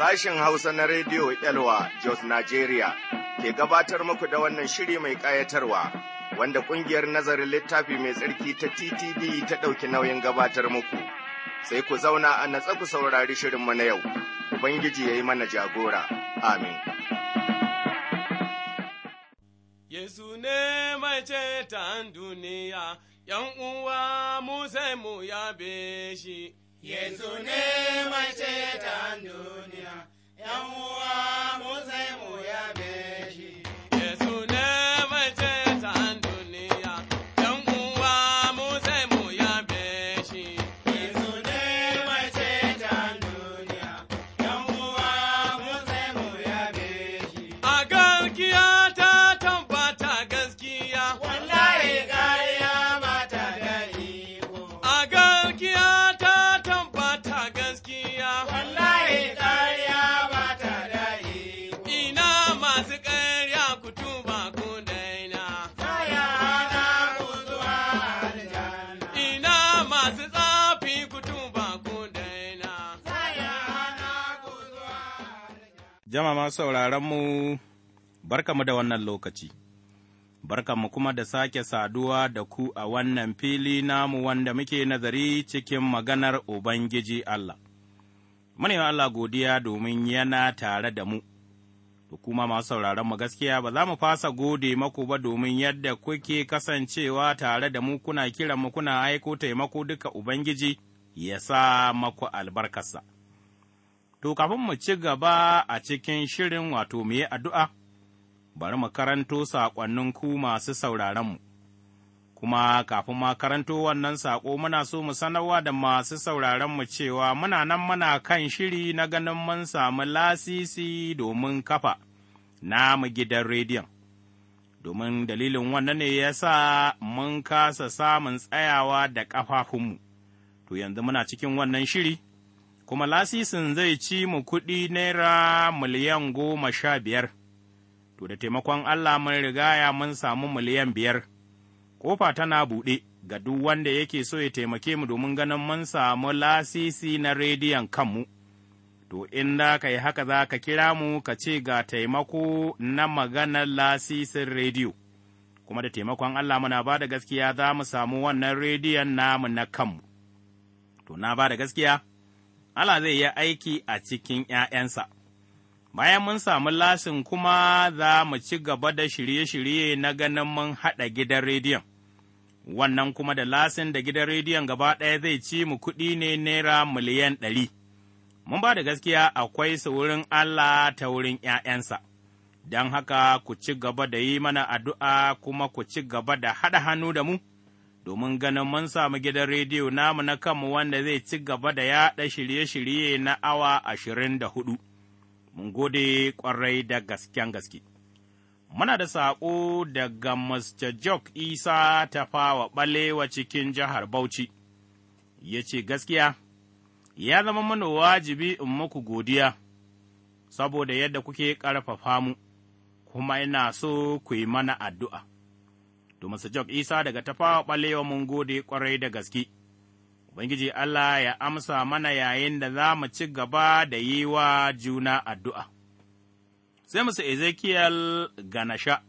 Sashen Hausa na Rediyo Elwa Jos Nigeria ke gabatar muku da wannan shiri mai ƙayatarwa wanda ƙungiyar nazarin littafi mai tsarki ta TTD ta ɗauki nauyin gabatar muku. Sai ku zauna a natsa ku saurari shirinmu na yau, Ubangiji ya yi mana jagora. Amin. Yesu ne mai ceton duniya, ‘yan uwa mu sai mu yabe shi. Yesu ne mai ceton duniya, ‘yan uwa mu sai mu yabe. Jama'a sauraronmu, barkamu da wannan lokaci, barkamu kuma da sake saduwa da ku a wannan fili namu wanda muke nazari cikin maganar Ubangiji Allah. Muna Allah godiya domin yana tare da mu, da kuma masu sauraronmu gaskiya ba za mu fasa gode maku ba domin yadda kuke kasancewa tare da mu kuna kiran mu kuna aiko taimako duka Ubangiji ya sa maku albarkarsa. To, kafin mu ci gaba a cikin shirin wato mu yi addu'a, bari mu karanto saƙonnin ku masu sauraronmu. Kuma kafin ma karanto wannan saƙo muna so mu sanarwa da masu sauraronmu cewa muna nan muna kan shiri na ganin mun samu lasisi domin kafa namu gidan rediyon. domin dalilin wannan ne ya sa mun kasa samun tsayawa da ƙafafunmu. To yanzu muna cikin wannan shiri, kuma lasisin zai ci mu kuɗi naira miliyan goma sha biyar, to da taimakon Allah mun rigaya mun samu miliyan biyar, Kofa tana buɗe ga duk wanda yake so ya taimake mu domin ganin mun samu lasisi na rediyon kanmu. To, in da ka yi haka za ka kira mu ka ce ga taimako na maganar lasisin rediyo, kuma da taimakon Allah muna ba da gaskiya za mu samu wannan rediyon namu na kanmu. To, na ba da gaskiya. Allah zai yi aiki a cikin ’ya'yansa. Bayan mun samu lasin kuma za mu ci gaba da shirye-shirye na ganin mun haɗa gidan rediyon, wannan kuma da lasin da gidan rediyon gaba ɗaya zai ci mu kuɗi ne naira miliyan ɗari. Mun ba da gaskiya akwai su wurin Allah ta wurin ’ya'yansa. don haka ku ci gaba da yi mana addu'a kuma ku ci gaba da haɗa hannu da mu, domin ganin mun samu gidan rediyo namu na kanmu wanda zai ci gaba da yaɗa shirye-shirye na awa ashirin da hudu. Mun gode ƙwarai da gasken gaske. Muna da saƙo daga Mr. Jock Isa ta tafawa ɓalewa cikin jihar Bauchi, ya ce gaskiya, ya zama mana wajibi in muku godiya, saboda yadda kuke ƙarfafa mu, kuma ina so ku yi mana addu'a. To, masu Jog Isa daga tafawa ɓalewa mun gode ƙwarai da gaske. Ubangiji Allah ya amsa mana yayin da za mu ci gaba da yi wa juna addu'a. Sai musu Ezekiel Ganasha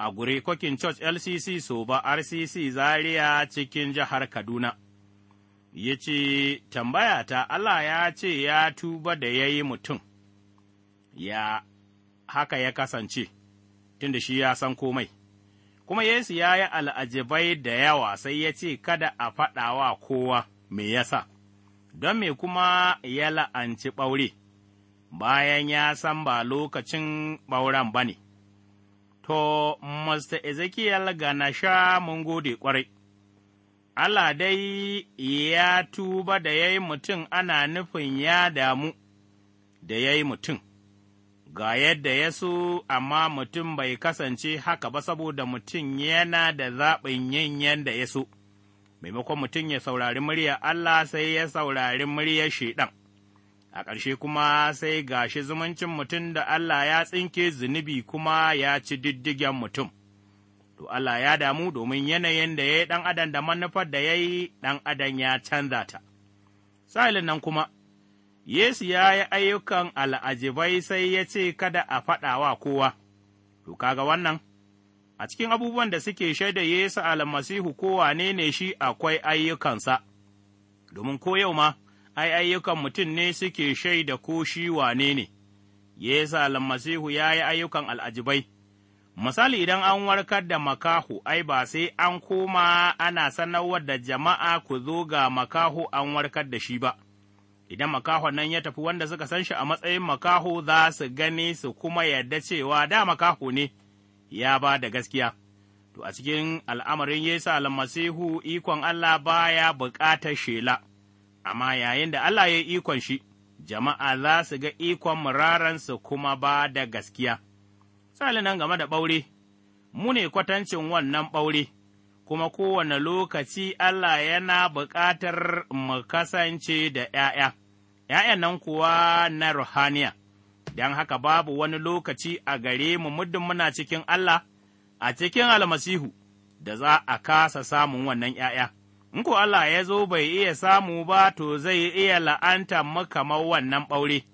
a guri, kokin Church LCC Soba RCC Zaria cikin jihar Kaduna, ya ce, Tambaya ta Allah ya ce ya tuba da ya yi mutum, ya haka ya kasance, tunda shi ya san komai. kuma Yesu ya yi al'ajibai da yawa sai ya ce kada a faɗa wa kowa me yasa, don me kuma ya la'anci ɓaure, bayan ya san ba lokacin ɓauren ba ne. To, Mr. Ezekiel sha mun gode ƙwarai. Allah dai ya tuba da ya yi mutum ana nufin ya damu da ya yi mutum. ga yadda ya so, amma mutum bai kasance haka ba saboda mutum yana da zaɓin yin yadda ya so, maimakon mutum ya saurari murya Allah sai ya saurari muryar Shaiɗan. A ƙarshe kuma sai ga shi zumuncin mutum da Allah ya tsinke zunubi kuma ya ci diddigen mutum. To Allah ya damu domin yanayin da ya yi ɗan adam da manufar da ya yi ɗan adam ya canza ta. Sa'ilin nan kuma, Yesu ya yi ayyukan al'ajibai sai ya ce kada a faɗa wa kowa, to kaga wannan, a cikin abubuwan da suke shaida Yesu almasihu kowa ne shi akwai ayyukansa, domin ko yau ma, ai ayyukan mutum ne suke shaida ko shi wane ne, Yesu almasihu ya yi ayyukan al'ajibai. Misali idan an warkar da makaho, ai, ba sai an koma ana sanarwar da jama'a ku zo ga makaho an warkar da shi ba. idan makahon nan ya tafi wanda suka san shi a matsayin makaho za su gani su kuma yarda cewa da makaho ne ya ba da gaskiya. To, a cikin al'amarin Yesu almasihu ikon Allah ba ya bukatar shela, amma yayin da Allah ya yi ikon shi, jama'a za su ga ikon muraran su kuma ba da gaskiya. Sali nan game da ɓaure, mu ne kwatancin wannan ɓaure. kuma kowane lokaci Allah yana bukatar mu kasance da ’ya'ya, ’ya'yan nan kuwa na ruhaniya, don haka babu wani lokaci a gare mu muddin muna cikin Allah, a cikin almasihu, da za a kasa samun wannan ’ya'ya. In ko Allah ya zo bai iya samu ba, to zai iya la'anta mu kamar wannan ɓaure.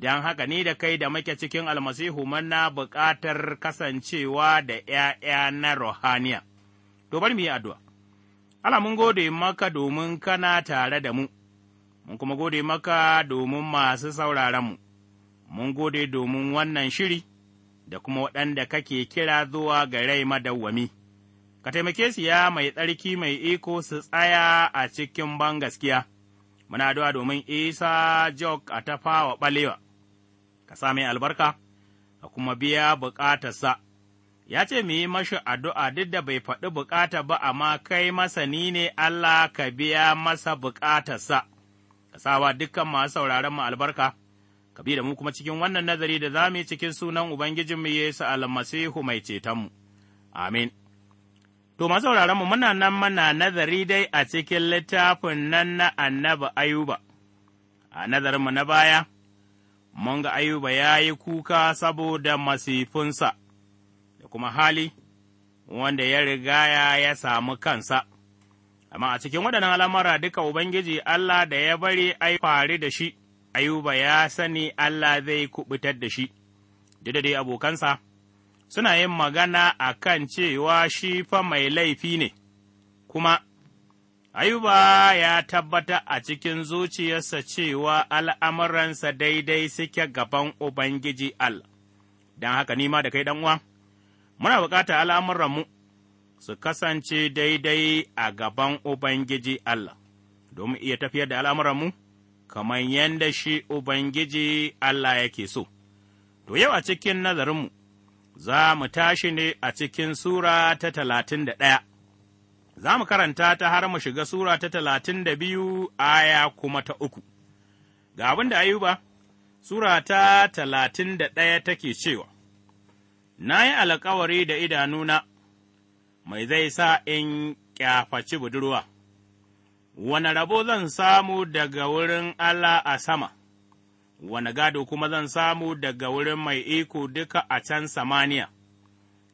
don haka ni da kai da muke cikin almasihu mana buƙatar kasancewa da ’ya'ya na ruhaniya. To bari mu yi addu'a. Allah mun gode maka domin kana tare da mu, mun kuma gode maka domin masu sauraronmu, mun gode domin wannan shiri da kuma waɗanda kake kira zuwa ga rai madawwami. Ka taimake su ya mai tsarki mai iko su tsaya a cikin ban gaskiya, muna addu'a domin Isa Jok a tafawa ɓalewa, ka sa mai albarka, ka kuma biya bukatarsa. Ya ce mu yi mashi addu'a duk da bai faɗi bukata ba, amma kai masani ne Allah ka biya masa bukatarsa. ka sawa dukkan masu sauraron mu albarka, ka bi da mu kuma cikin wannan nazari da za mu yi cikin sunan Ubangijinmu Yesu almasihu mai cetonmu. Amin. To, masu sauraron mu muna nan mana nazari dai a cikin littafin nan na annabi Ayuba, a nazarinmu na baya, mun ga Ayuba ya yi kuka saboda masifunsa da kuma hali wanda ya rigaya ya samu kansa. Amma a cikin waɗannan al'amura duka Ubangiji Allah da ya bari ai fari da shi, Ayuba ya sani Allah zai kubutar da shi, duk da dai abokansa suna yin magana a kan cewa shi fa mai laifi ne, kuma Ayuba ya tabbata a cikin zuciyarsa cewa al'amuransa daidai suke gaban Ubangiji Allah, don haka nima da kai uwa, muna bukata al'amuranmu. su kasance daidai a gaban Ubangiji Allah, domin iya tafiyar da al'amuranmu, kamar yadda shi Ubangiji Allah yake so. To, yau a cikin nazarinmu, za mu tashi ne a cikin Sura ta talatin da ɗaya, za mu karanta ta har mu shiga Sura ta talatin da biyu aya kuma ta uku. Ga abin da Ayuba, Sura ta talatin da ɗaya take cewa, Na yi alkawari da idanuna. mai zai sa in ƙyafaci budurwa, wane rabo zan samu daga wurin Allah a sama, wane gado kuma zan samu daga wurin mai iko duka a can samaniya,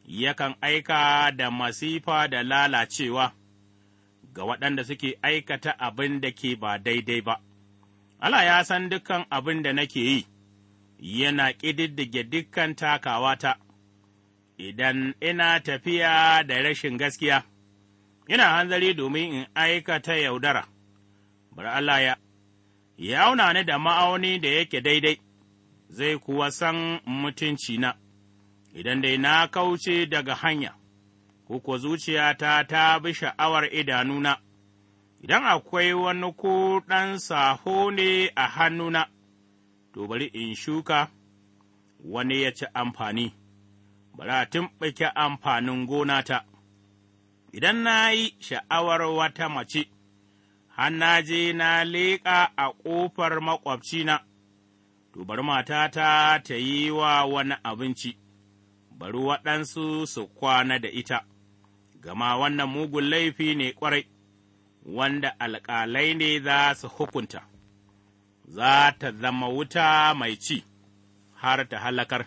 yakan aika da masifa da lalacewa ga waɗanda suke aikata abin da ke ba daidai ba. Allah ya san dukan abin da nake yi, yana ƙididdige dukkan takawata. idan ina tafiya da rashin gaskiya, ina hanzari domin in aikata yaudara, bari Allah ya, ya auna ni da ma'auni da yake daidai, zai kuwa san mutuncina, idan dai na kauce daga hanya, ko zuciyata ta bi sha'awar idanuna, idan akwai wani ko ɗan saho ne a hannuna, to bari in shuka, wani ya ci amfani. bara ɓake amfanin gonata, idan na yi sha'awar wata mace, har na je na leƙa a ƙofar maƙwabcina, to bari matata ta yi wa wani abinci, bari waɗansu su kwana da ita, gama wannan mugun laifi ne ƙwarai, wanda alƙalai ne za su hukunta, za ta zama wuta mai ci har ta halakar.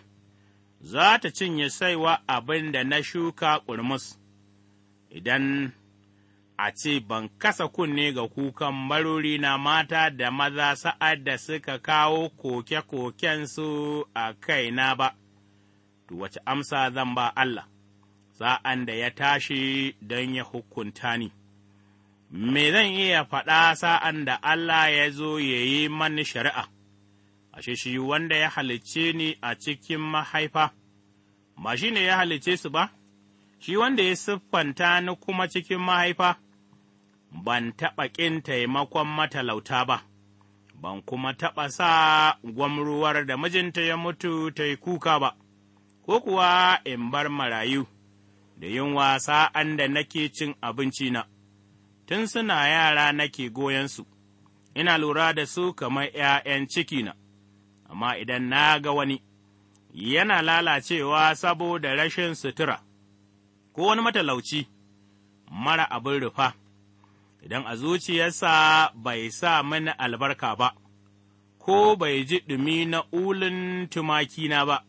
za ta cinye saiwa abin da na shuka ƙurmus, idan a ce ban kasa kunne ga kukan marori na mata da maza sa'ad da suka kawo koke-kokensu a kaina ba, to wace amsa zan ba Allah, sa'an da ya tashi don ya hukunta ni. Me zan iya faɗa sa'an da Allah ya zo ya yi mani shari'a? ashe shi wanda ya halicce ni a cikin mahaifa, ba shi ne ya halicce su ba, shi wanda ya siffanta ni kuma cikin mahaifa, ban taɓa ƙin taimakon matalauta ba, ban kuma taɓa sa gwamruwar da mijinta ya mutu ta yi kuka ba, ko kuwa in bar marayu da yin wasa an da nake cin abinci na, tun suna yara nake su. ina lura da su kamar ’ya'yan cikina. amma idan na ga wani yana lalacewa saboda rashin sutura, ko wani matalauci mara abin rufa, idan a zuciyarsa bai sa mini albarka ba, ko bai ji ɗumi na ulin tumakina ba,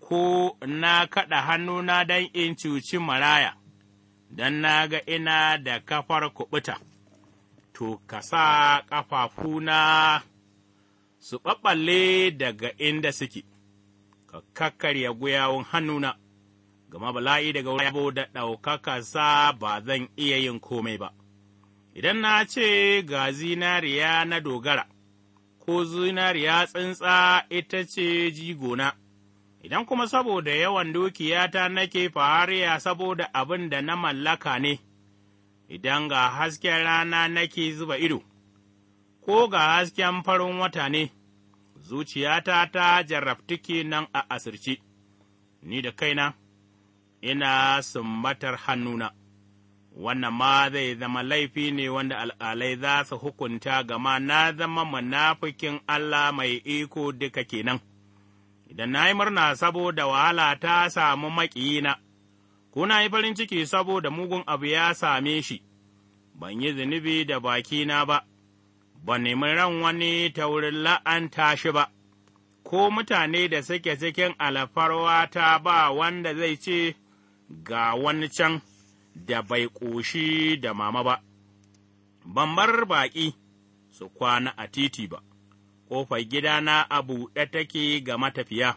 ko na kaɗa hannuna don in cuci maraya, don na ga ina da kafar kuɓuta, to ka sa ƙafafuna su ɓaɓɓalle daga inda suke, ka kakkarya gwiwawun hannuna, gama bala'i daga yabo da sa, ba zan iya yin komai ba. Idan na ce ga zinariya na dogara, ko zinariya tsintsa ita ce jigona, idan kuma saboda yawan dukiyata nake fahariya saboda abin da na mallaka ne, idan ga hasken rana nake zuba ido. ko ga hasken farin wata ne, zuciyata ta jarrabtuke nan a asirci. ni da kaina, ina sumbatar hannuna, wannan ma zai zama laifi ne wanda al'alai za su hukunta gama na zama munafikin Allah mai iko duka kenan. Idan na yi murna saboda wahala ta samu makiyina, ko na yi farin ciki saboda mugun abu ya same shi, ban yi zunubi da bakina ba. ba nemi ran wani ta wurin la'anta shi ba, ko mutane da suke cikin alfarwa ta ba wanda zai ce ga wani can da bai ƙoshi da mama ba, ban bar baƙi su kwana a titi ba, ƙofar gidana a buɗe take ga matafiya,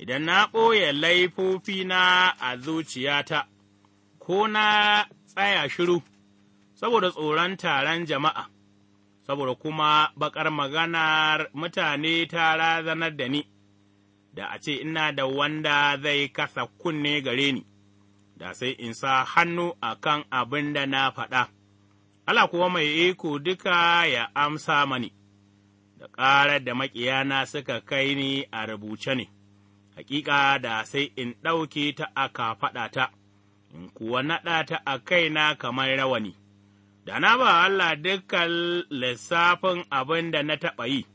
idan na ɓoye laifofina a zuciyata, ko na tsaya shiru, saboda tsoron taron jama'a. saboda kuma baƙar maganar mutane ta razanar da ni, da a ce ina da wanda zai kasa kunne gare ni, da sai in sa hannu a kan abin da na faɗa, Allah kuwa mai iko duka ya amsa mani, da ƙarar da maƙiyana suka kai ni a rubuce ne, hakika da sai in ɗauke ta a kafaɗata, in kuwa naɗa ta a kaina kamar rawani. da na ba Allah dukkan lissafin abin da na taɓa yi,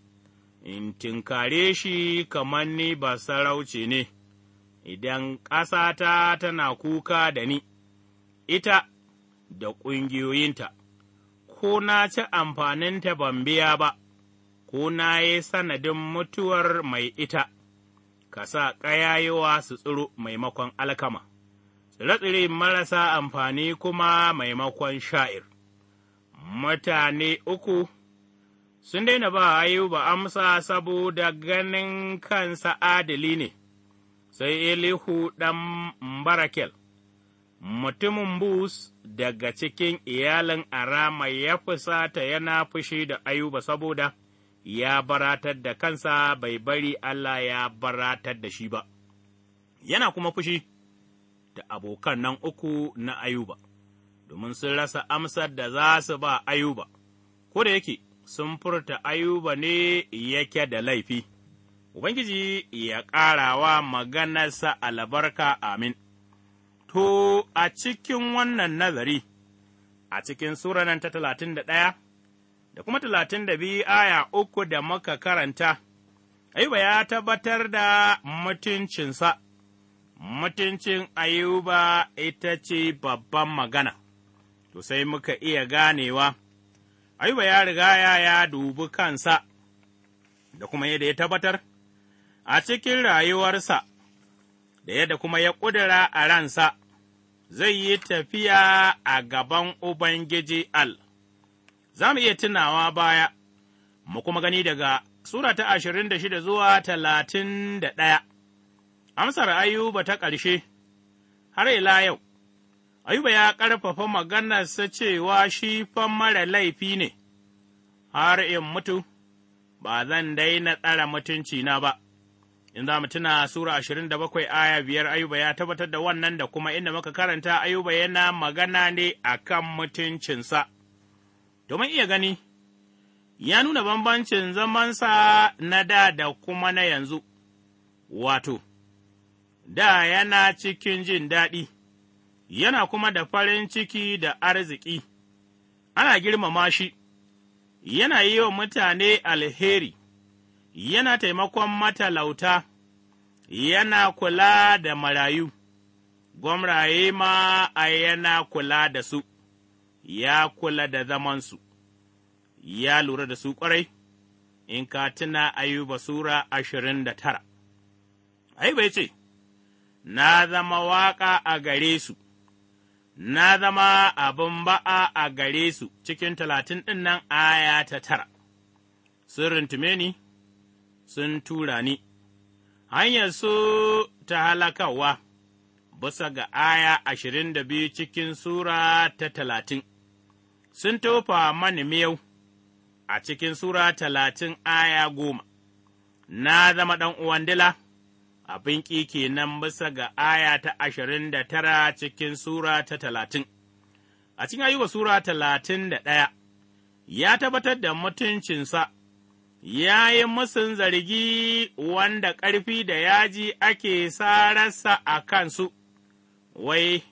in tinkare shi kamar ni ba sarauce ne, idan ƙasata tana kuka da ni, ita da ƙungiyoyinta, ko na ci amfaninta ban biya ba, ko na yi sanadin mutuwar mai ita, ka sa ƙayayewa su tsiro maimakon alkama, tsire-tsire marasa amfani kuma maimakon sha'ir. mutane uku sun daina ba Ayuba amsa saboda ganin kansa adali ne, sai Elihu ɗan Barakel, mutumin Bus daga cikin iyalin Arama ya fusata yana fushi da Ayuba saboda ya baratar da kansa bai bari Allah ya baratar da shi ba, yana kuma fushi da abokan nan uku na Ayuba. domin sun rasa amsar da za su ba Ayuba, ko da yake sun furta Ayuba ne yake da laifi, Ubangiji ya ƙarawa maganarsa albarka amin. To, a cikin wannan nazari, a cikin Sura nan ta talatin da ɗaya, da kuma talatin da biyu aya uku da maka karanta, Ayuba ya tabbatar da mutuncinsa, mutuncin Ayuba ita ce babban magana. to sai muka iya ganewa, Ayuba ya riga ya ya dubi kansa da kuma yadda ya tabbatar a cikin rayuwarsa, da yadda kuma ya ƙudura a ransa, zai yi tafiya a gaban Ubangiji Al. Za mu iya tunawa baya, mu kuma gani daga Sura ta ashirin da shida zuwa talatin da ɗaya, amsar Ayuba ta ƙarshe, har ila yau, Ayuba ya ƙarfafa maganarsa cewa shi fan mara laifi ne, har in mutu, ba zan daina tsara na ba. In za mu tuna Sura ashirin da bakwai aya biyar Ayuba ya tabbatar da wannan da kuma inda muka karanta Ayuba yana magana ne a kan mutuncinsa. Domin iya gani, ya nuna bambancin zamansa na da da kuma na yanzu, wato, da yana cikin jin daɗi. yana kuma da farin ciki da arziki, ana girmama shi, yana yi wa mutane alheri, yana taimakon matalauta, yana kula da marayu, gwamraye ma a yana kula da su, ya kula da zamansu, ya lura da su kwarai? in ka tuna ayuba Sura ashirin da tara. Ayuba ya ce, Na zama waƙa a gare su. na zama abin ba'a a gare su cikin talatin ɗin nan aya ta tara, sun rintume ni, sun tura ni, hanyar su ta halakawa, bisa ga aya ashirin da biyu cikin Sura ta talatin, sun tofa mani miyau a cikin Sura talatin aya goma, na zama ɗan uwan dila. abin ƙi kenan bisa ga aya ta ashirin da tara cikin Sura ta talatin. A cikin ayyuka Sura talatin da ɗaya, ya tabbatar da mutuncinsa, ya yi musun zargi wanda ƙarfi da yaji ake sararsa a kansu, wai,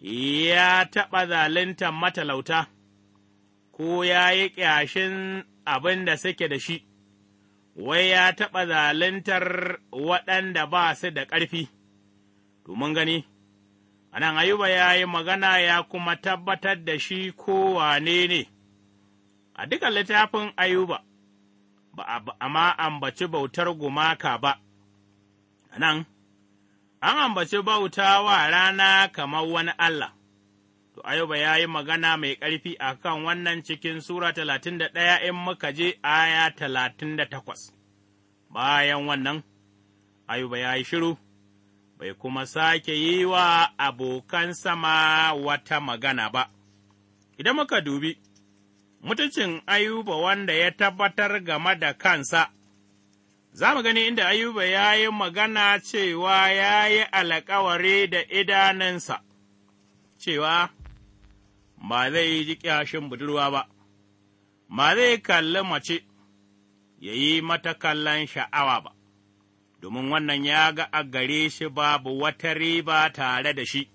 ya taɓa zalunta matalauta, ko ya yi ƙyashin abin da suke da shi. wai ya taɓa zaluntar waɗanda ba su da ƙarfi, to mun gani, anan Ayuba ya yi magana ya kuma tabbatar da shi kowane ne, a duka littafin Ayuba, ba a ma ambaci bautar gumaka ba, Anan, an ambaci bauta wa rana kamar wani Allah. To Ayuba ya yi magana mai ƙarfi a kan wannan cikin Sura talatin da ɗaya in muka je aya talatin da takwas. Bayan wannan, Ayuba ya yi shiru, bai kuma sake yi wa abokan sama wata magana ba. Idan muka dubi, mutuncin Ayuba wanda ya tabbatar game da kansa, za mu gani inda Ayuba ya yi magana cewa ya yi alkawari da idanunsa, cewa ba zai ji ƙyashin budurwa ba, ba zai kalli mace ya yi mata kallon sha'awa ba, domin wannan ya ga a gare shi babu wata riba tare da shi.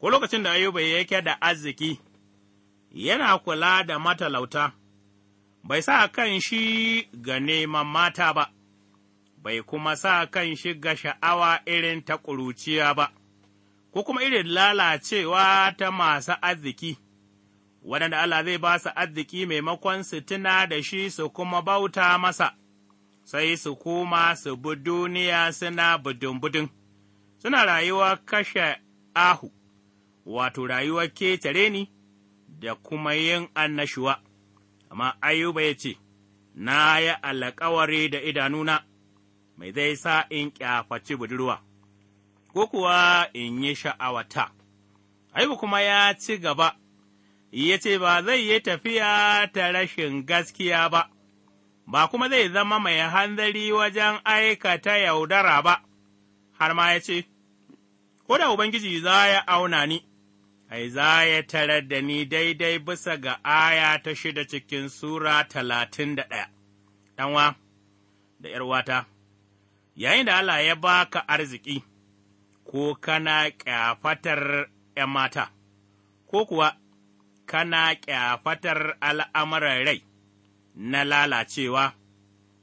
Ko lokacin da Ayuba yake da arziki, yana kula da matalauta, bai sa kan shi ga neman mata ba, bai kuma sa kan shi ga sha'awa irin ta ƙuruciya ba. ko kuma irin lalacewa ta masu arziki, waɗanda Allah zai ba su arziki maimakon su tuna da shi su kuma bauta masa, sai su kuma su bi duniya suna budun-budun, suna rayuwa kashe ahu, wato rayuwar ketare ni da kuma yin annashuwa. Amma Ayuba ya ce, Na yi alkawari da idanuna, mai zai sa in ƙyafaci budurwa. ko kuwa in yi sha'awata. Ayuba kuma ya ci gaba, ya ce ba zai yi tafiya ta rashin gaskiya ba, ba kuma zai zama mai hanzari wajen aikata yaudara ba, har ma ya ce, Ko da Ubangiji za ya auna ni, ai, za ya tarar da ni daidai bisa ga aya ta shida cikin Sura talatin da ɗaya, ɗanwa da ’yarwata, yayin da Allah ya baka arziki. ko kana ƙyafatar ’yan mata, ko kuwa kana ƙyafatar al'amuran rai na lalacewa,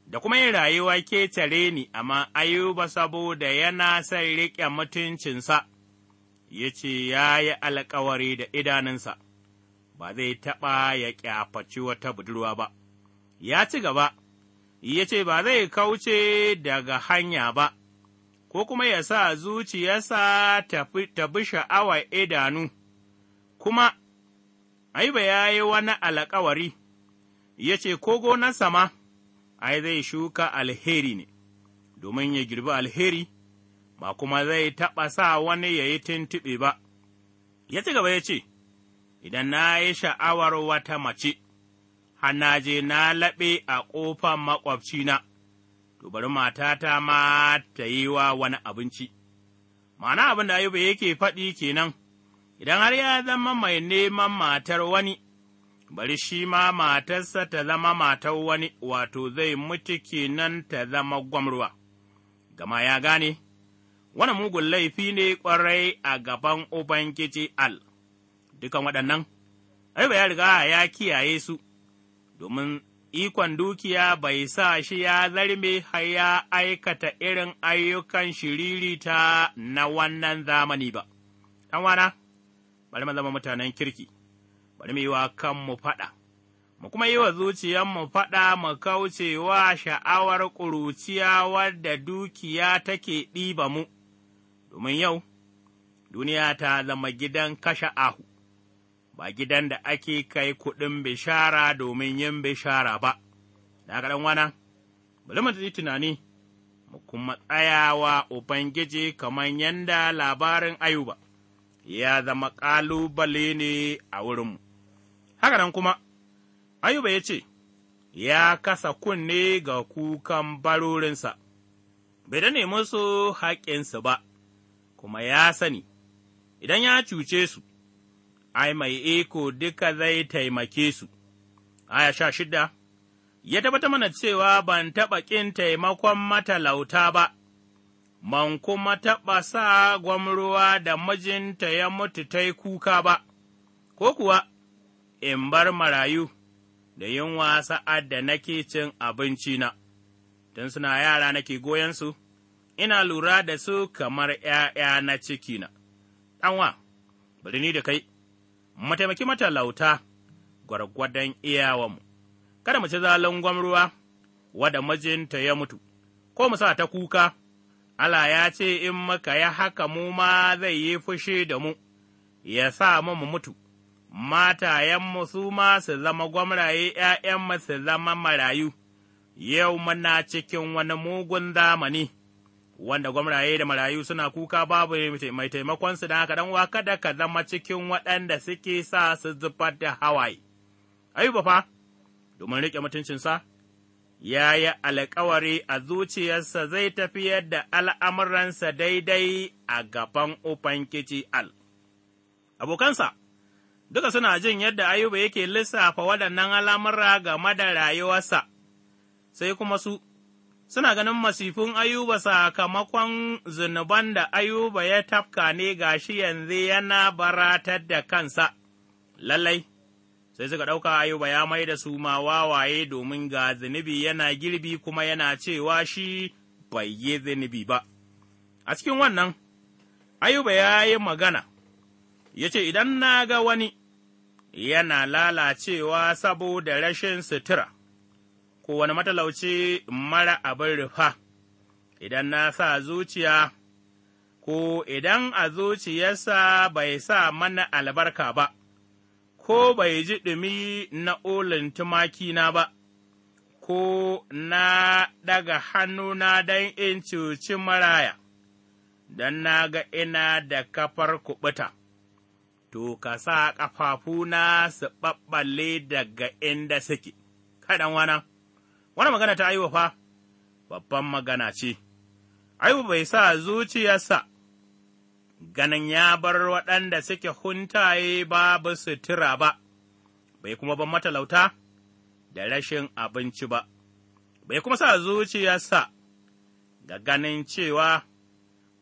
da kuma yin rayuwa ke tare ni, amma ayuba saboda yana son riƙe mutuncinsa, ya ce ya yi alkawari da idanunsa, ba zai taɓa ya ƙyafaci wata budurwa ba, ya ci gaba, ya ce ba zai kauce daga hanya ba. ko kuma ya sa zuciyarsa ta bi sha'awa idanu, kuma, ai ba ya yi wani alkawari, ya ce, Ko gonarsa sama? ai, zai shuka alheri ne, domin ya girbi alheri, ba kuma zai taɓa sa wani ya yi tuntuɓe ba. Ya ci gaba ya ce, Idan na yi sha'awar wata mace, har na na laɓe a ƙofar maƙwabcina. to bari matata ma ta yi wa wani abinci. Ma'ana abin da Ayuba yake faɗi kenan, idan har ya zama mai neman matar wani, bari shi ma matarsa ta zama matar wani, wato zai mutu kenan ta zama gwamruwa. Gama ya gane, wani mugun laifi ne ƙwarai a gaban Ubangiji Al, dukan waɗannan, Ayuba ya riga ya kiyaye su, domin ikon dukiya bai sa shi ya zarme har ya aikata irin ayyukan shiririta na wannan zamani ba. wana bari mu zama mutanen kirki, bari mu yi wa kanmu faɗa, mu kuma yi wa zuciyanmu faɗa mu kauce wa sha'awar ƙuruciya wadda dukiya take ɗiba mu, domin yau, duniya ta zama gidan kashe ahu. ba gidan da ake kai kuɗin bishara domin yin bishara ba, da ɗan wana, bari mu yi tunani, mu kuma tsayawa Ubangiji kamar yadda labarin Ayuba ya zama ƙalubale ne a wurinmu. Haka nan kuma, Ayuba ya ce, Ya kasa kunne ga kukan barorinsa, bai da nemi su haƙƙinsu ba, kuma ya sani, idan ya cuce su, ai, mai iko duka zai taimake su. Aya sha shida, ya tabbata mana cewa ban taɓa ƙin taimakon matalauta ba, man kuma taɓa sa gwamruwa da mijinta ya mutu ta kuka ba, ko kuwa in bar marayu da yunwa sa'ad da nake cin abincina, tun suna yara nake goyonsu, ina lura da su kamar ’ya'ya na cikina. Ɗanwa, bari ni da kai, mu taimaki matalauta gwargwadon iyawanmu, kada mu ci zalin gwamruwa wada mijinta ya mutu, ko mu sa ta kuka, Allah ya ce in muka ya haka mu ma zai yi fushi da mu, ya sa mu mu mutu, matayenmu su ma su zama gwamraye ’ya'yanmu su zama marayu, yau muna cikin wani mugun zamani. wanda gwamnaye da marayu suna kuka babu mai taimakonsu da haka ɗan waka da ka zama cikin waɗanda suke sa su zubar da hawaye. Ayuba fa, domin riƙe mutuncinsa, ya yi alkawari a zuciyarsa zai tafi da al'amuransa daidai a gaban Ubangiji Al. Abokansa, duka suna jin yadda Ayuba yake lissafa waɗannan al'amura game da rayuwarsa, sai kuma su. suna ganin masifin Ayuba sakamakon zunuban da Ayuba ya tafka ne ga shi yanzu yana baratar da kansa, lallai, sai suka ɗauka Ayuba ya mai da su ma wawaye domin ga zunubi yana girbi kuma yana cewa shi bai yi zunubi ba. A cikin wannan, Ayuba ya yi magana, ya ce, Idan na ga wani yana lalacewa saboda rashin sutura. kowane matalauci mara abin rufa, idan na sa zuciya, ko idan a zuciyarsa bai sa mana albarka ba, ko bai ji ɗumi na olin tumakina ba, ko na ɗaga hannuna don in cuci maraya, don na ga ina da kafar kuɓuta. to ka sa ƙafafuna su ɓaɓɓalle daga inda suke, kaɗan wana, Wani magana ta Ayuba fa, babban magana ce, Ayuba bai sa zuciyarsa ganin ya bar waɗanda suke huntaye babu sutura ba, bai kuma ban matalauta da rashin abinci ba, bai kuma sa zuciyarsa ga ganin cewa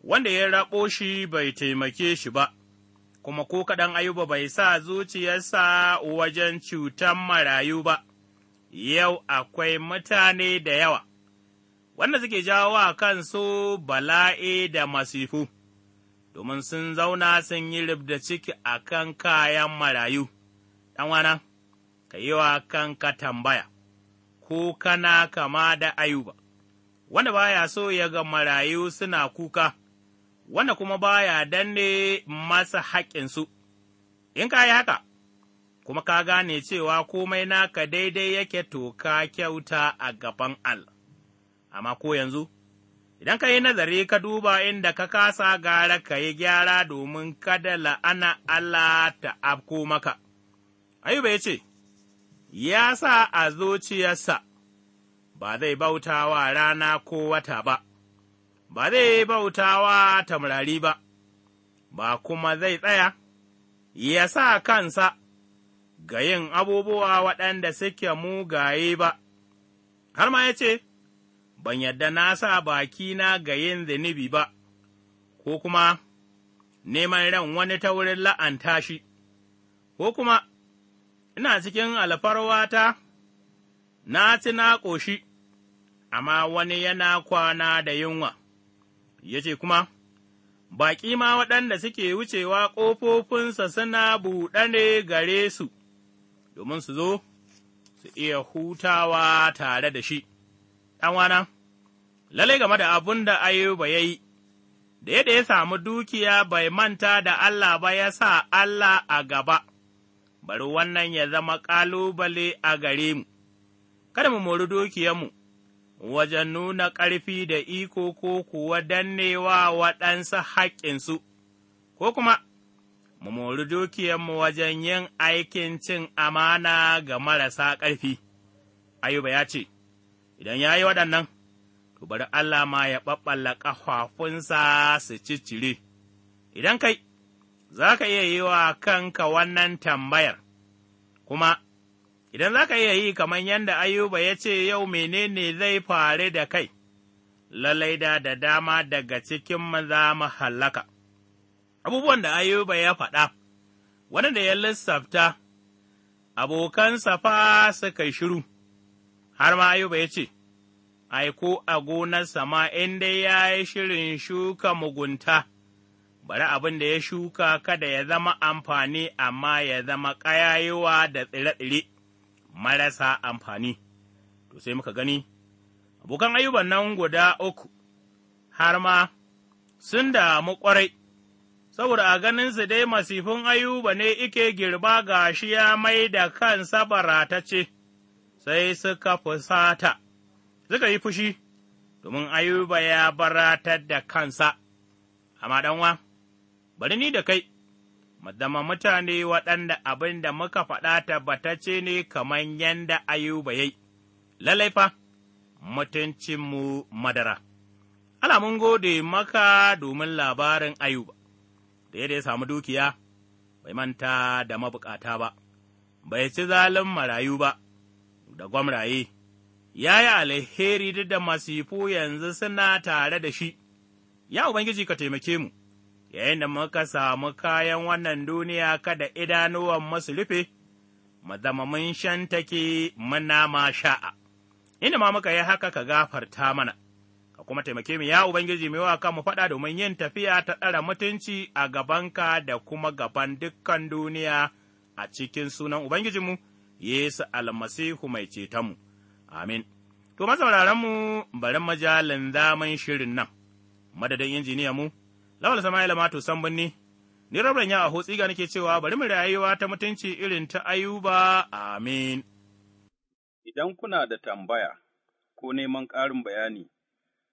wanda ya raɓo shi bai taimake shi ba, kuma ko kaɗan Ayuba bai sa zuciyarsa wajen cutan marayu ba, yau akwai mutane da yawa, wanda suke jawo a kansu bala'i da masifu, domin sun zauna sun yi rubda ciki a kan kayan marayu, ɗanwana, ka yi wa kanka tambaya, ko kana kama da ayuba, wanda baya so ya ga marayu suna kuka, wanda kuma baya danne masa haƙƙinsu, in ka yi haka. kuma ka gane cewa komai naka daidai yake toka kyauta a gaban Allah. Amma ko yanzu, idan ka yi nazari ka duba inda ka kasa gara ka yi gyara domin kada la'ana Allah ta afko maka. Ayuba ya ce, Ya sa a zuciyarsa, ba zai bauta wa rana ko wata ba, ba zai bauta wa tamurari ba, ba kuma zai tsaya, ya sa kansa ga yin abubuwa waɗanda suke mugaye ba, har ma ya ce, Ban yadda na sa bakina ga yin zunubi ba, ko kuma neman ran wani ta wurin la'anta shi, ko kuma ina cikin alfarwata na ci na ƙoshi, amma wani yana kwana da yunwa, ya ce kuma, Baƙi ma waɗanda suke wucewa ƙofofinsa suna buɗe gare su. domin su zo su iya hutawa tare da shi, ɗanwana, lalai game da abin da Ayuba ya yi, da yadda ya samu dukiya bai manta da Allah ba ya sa Allah a gaba, bari wannan ya zama ƙalubale a gare mu, kada mu mori dukiyanmu wajen nuna ƙarfi da iko ko kuwa dannewa waɗansu haƙƙinsu, ko kuma mu mori dukiyarmu wajen yin aikin cin amana ga marasa ƙarfi. Ayuba ya ce, Idan ya yi waɗannan, to bari Allah ma ya ɓaɓɓalla ƙafafunsa su ciccire. Idan kai, za ka iya yi wa kanka wannan tambayar, kuma idan za ka iya yi kamar yadda Ayuba ya ce yau menene zai faru da kai, lallai da dama daga cikin maza mu abubuwan da Ayuba ya faɗa, waɗanda ya lissafta, abokansa fa suka shiru, har ma Ayuba ya ce, Aiko a gonarsa sama in dai ya yi shirin shuka mugunta, bari abin da ya shuka kada ya zama amfani amma ya zama ƙayayewa da tsire-tsire marasa amfani. To sai muka gani, abokan Ayuba nan guda uku, har ma sun damu ƙwarai. saboda a ganinsu dai masifin ayuba ne ike girba ga shi ya mai da kansa ce, sai suka fusata, suka yi fushi, domin ayuba ya baratar da kansa, amma ɗanwa, bari ni da kai, zama mutane waɗanda abin da muka faɗa ce ne kamar yanda ayuba ya yi, lallai fa, mutuncinmu madara. Ala mun gode maka domin labarin ayuba. da yadda ya samu dukiya, bai manta da mabukata ba, bai ci zalin marayu ba, da gwamraye, ya yi alheri duk da masifu yanzu suna tare da shi, ya Ubangiji ka taimake mu, yayin da muka samu kayan wannan duniya kada idanuwan masu rufe, mu zama mun shantake muna ma sha'a, inda ma muka yi haka ka gafarta mana. kuma taimake mu ya Ubangiji mai wa mu faɗa domin yin tafiya ta ɗara mutunci a gabanka da kuma gaban dukkan duniya a cikin sunan mu? Yesu almasihu mai mu, Amin. To, mu bari majalin zaman shirin nan, madadin injiniya mu, Lawal Sama'ila Mato binni ni rabin ya a hotsi ga nake cewa bari mu rayuwa ta mutunci irin ta Ayuba. Amin. Idan kuna da tambaya ko neman ƙarin bayani,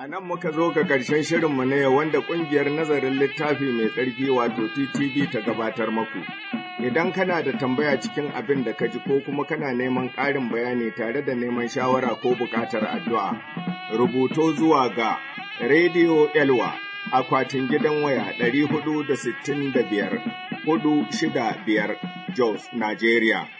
A nan muka zo ga ƙarshen shirinmu ne wanda ƙungiyar nazarin littafi mai tsarki wato TTV ta gabatar maku. Idan kana da tambaya cikin abin da ka ji ko kuma kana neman ƙarin bayani tare da neman shawara ko buƙatar addu'a, rubuto zuwa ga Radio Elwa akwatin gidan waya ɗari 465 465 Jos, Najeriya.